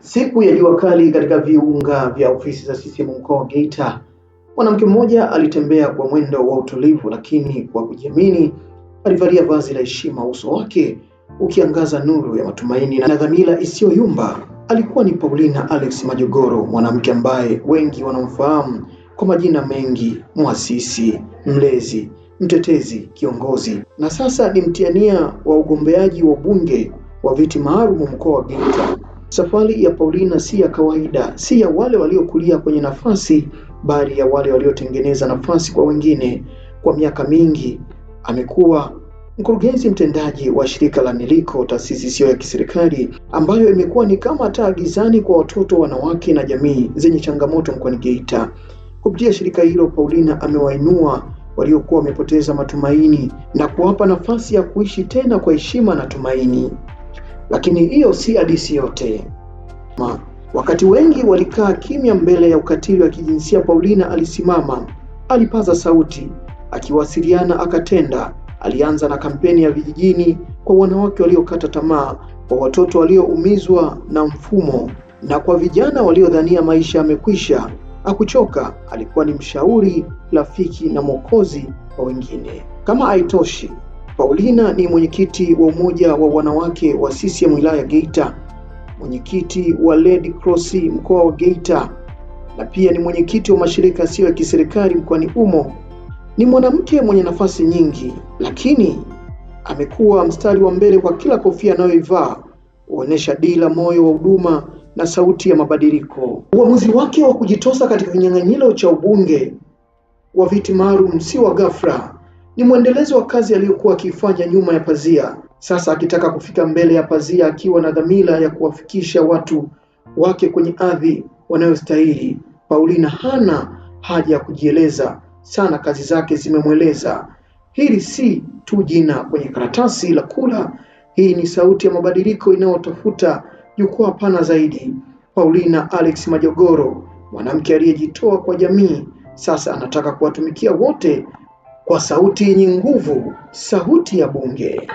Siku ya jua kali katika viunga vya ofisi za CCM mkoa wa Geita, mwanamke mmoja alitembea kwa mwendo wa utulivu lakini kwa kujiamini. Alivalia vazi la heshima, uso wake ukiangaza nuru ya matumaini na dhamira isiyoyumba. Alikuwa ni Paulina Alex Majogoro, mwanamke ambaye wengi wanamfahamu kwa majina mengi: mwasisi mlezi, mtetezi, kiongozi, na sasa ni mtiania wa ugombeaji wa ubunge wa viti maalum mkoa wa Geita. Safari ya Paulina si ya kawaida, si ya wale waliokulia kwenye nafasi, bali ya wale waliotengeneza nafasi kwa wengine. Kwa miaka mingi amekuwa mkurugenzi mtendaji wa shirika la NELICO, taasisi isiyo ya kiserikali ambayo imekuwa ni kama taa gizani kwa watoto, wanawake na jamii zenye changamoto mkoani Geita. Kupitia shirika hilo, Paulina amewainua waliokuwa wamepoteza matumaini na kuwapa nafasi ya kuishi tena kwa heshima na tumaini. Lakini hiyo si hadithi yote Ma. Wakati wengi walikaa kimya mbele ya ukatili wa kijinsia, Paulina alisimama, alipaza sauti, akiwasiliana, akatenda. Alianza na kampeni ya vijijini kwa wanawake waliokata tamaa, kwa watoto walioumizwa na mfumo, na kwa vijana waliodhania maisha yamekwisha. Hakuchoka, alikuwa ni mshauri, rafiki na mwokozi kwa wengine. Kama haitoshi Paulina ni mwenyekiti wa umoja wa wanawake wa CCM wilaya Geita, mwenyekiti wa Red Cross mkoa wa Geita na pia ni mwenyekiti wa mashirika yasiyo ya kiserikali mkoani humo. Ni mwanamke mwenye nafasi nyingi, lakini amekuwa mstari wa mbele kwa kila kofia anayoivaa kuonesha dira, moyo wa huduma na sauti ya mabadiliko. Uamuzi wake wa kujitosa katika kinyang'anyiro cha ubunge wa viti maalum si wa ghafla ni mwendelezo wa kazi aliyokuwa akifanya nyuma ya pazia, sasa akitaka kufika mbele ya pazia akiwa na dhamira ya kuwafikisha watu wake kwenye ardhi wanayostahili. Paulina hana haja ya kujieleza sana, kazi zake zimemweleza. Hili si tu jina kwenye karatasi la kura, hii ni sauti ya mabadiliko inayotafuta jukwaa pana zaidi. Paulina Alex Majogoro, mwanamke aliyejitoa kwa jamii, sasa anataka kuwatumikia wote kwa sauti yenye nguvu, sauti ya Bunge